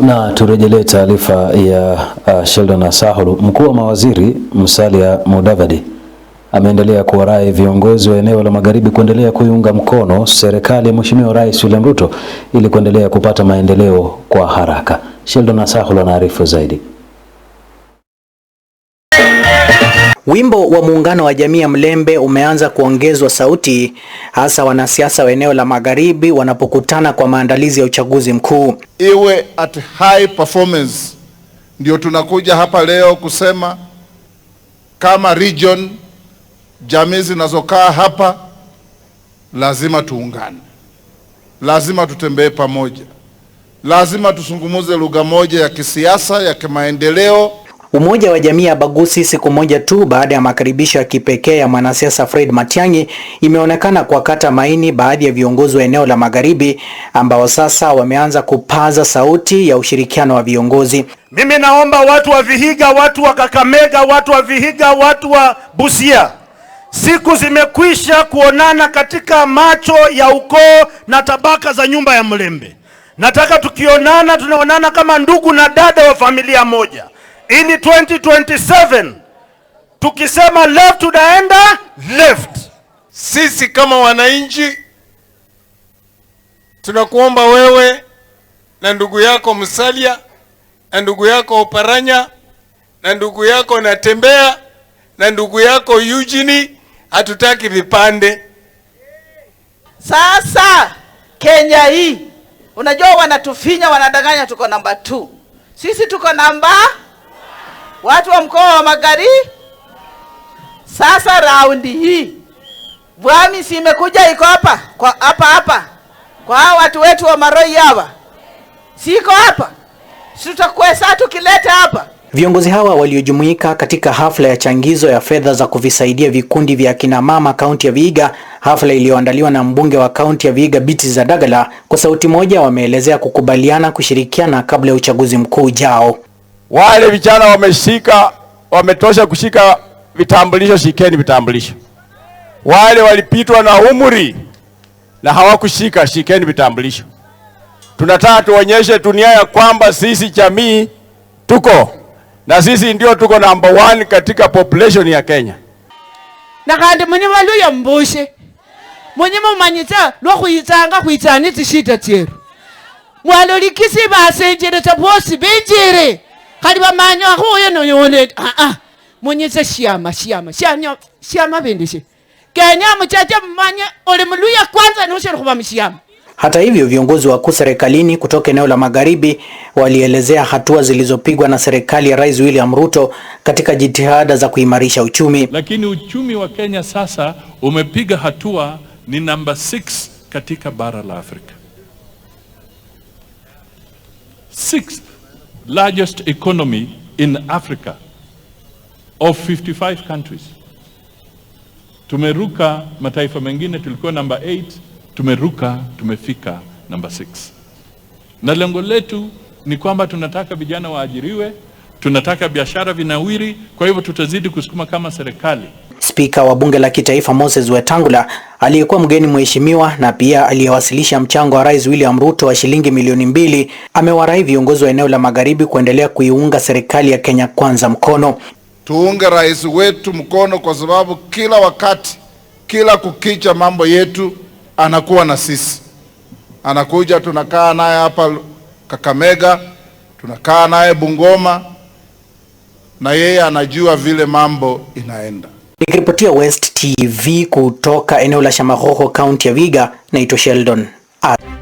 Na turejelee taarifa ya uh, Sheldon Asahulu. Mkuu wa mawaziri Musalia Mudavadi ameendelea kuwarai viongozi wa eneo la magharibi kuendelea kuiunga mkono serikali ya Mheshimiwa Rais William Ruto ili kuendelea kupata maendeleo kwa haraka. Sheldon Asahulu anaarifu zaidi. Wimbo wa muungano wa jamii ya Mlembe umeanza kuongezwa sauti, hasa wanasiasa wa eneo la magharibi wanapokutana kwa maandalizi ya uchaguzi mkuu. Iwe at high performance, ndio tunakuja hapa leo kusema kama region, jamii zinazokaa hapa lazima tuungane, lazima tutembee pamoja, lazima tusungumuze lugha moja ya kisiasa ya kimaendeleo Umoja wa Jamii ya Bagusi siku moja tu baada ya makaribisho ya kipekee ya mwanasiasa Fred Matiang'i imeonekana kuwakata maini baadhi ya viongozi wa eneo la Magharibi ambao sasa wameanza kupaza sauti ya ushirikiano wa viongozi. Mimi naomba watu wa Vihiga, watu wa Kakamega, watu wa Vihiga, watu wa Busia, siku zimekwisha kuonana katika macho ya ukoo na tabaka za nyumba ya Mlembe. Nataka tukionana, tunaonana kama ndugu na dada wa familia moja in 2027 tukisema left tunaenda left. Sisi kama wananchi tunakuomba wewe na ndugu yako Musalia na ndugu yako Oparanya na ndugu yako Natembea na ndugu yako Eugene, hatutaki vipande. Sasa Kenya hii unajua, wanatufinya wanadanganya, tuko namba 2 sisi tuko namba watu wa mkoa wa Magharibi. Sasa raundi hii Vamisi imekuja iko hapa kwa hapa hapa kwa hao watu wetu wa Maroi hawa, siko hapa, tutakwesa tukileta hapa Viongozi hawa waliojumuika katika hafla ya changizo ya fedha za kuvisaidia vikundi vya kina mama kaunti ya Vihiga, hafla iliyoandaliwa na mbunge wa kaunti ya Vihiga Biti za Dagala, kwa sauti moja wameelezea kukubaliana kushirikiana kabla ya uchaguzi mkuu ujao. Wale vijana wameshika, wametosha kushika vitambulisho, shikeni vitambulisho. Wale walipitwa na umri na hawakushika, shikeni vitambulisho. Tunataka tuonyeshe dunia ya kwamba sisi jamii tuko na sisi ndio tuko number one katika population ya Kenya na kandi muni valuya mbushe mwenye mumanyitsa lwakhwitsanga khwitsani tsishida tseru mwalolikisi basenjeretsa bwosi benjere khali bamanya ah, oh, khoyo noyole aa ah, ah. monyeza shiama shiama shiama shiama bindi shi kenya mchache mmanye ole mluya kwanza nusheli khuba mshiama hata hivyo viongozi wakuu serikalini kutoka eneo la magharibi walielezea hatua zilizopigwa na serikali ya Rais William Ruto katika jitihada za kuimarisha uchumi. Lakini uchumi wa Kenya sasa umepiga hatua, ni namba 6 katika bara la Afrika. Sixth largest economy in Africa of 55 countries. Tumeruka mataifa mengine, tulikuwa namba 8, tumeruka tumefika namba 6. Na lengo letu ni kwamba tunataka vijana waajiriwe, tunataka biashara vinawiri. Kwa hivyo tutazidi kusukuma kama serikali. Spika wa Bunge la Kitaifa Moses Wetangula aliyekuwa mgeni mheshimiwa na pia aliyewasilisha mchango wa Rais William Ruto wa shilingi milioni mbili amewarai viongozi wa eneo la Magharibi kuendelea kuiunga serikali ya Kenya Kwanza mkono. Tuunge rais wetu mkono kwa sababu kila wakati, kila kukicha, mambo yetu anakuwa na sisi, anakuja tunakaa naye hapa Kakamega, tunakaa naye Bungoma, na yeye anajua vile mambo inaenda. Nikiripotia West TV kutoka eneo la Shamaroho, kaunti ya Viga, naitwa Sheldon. Ah.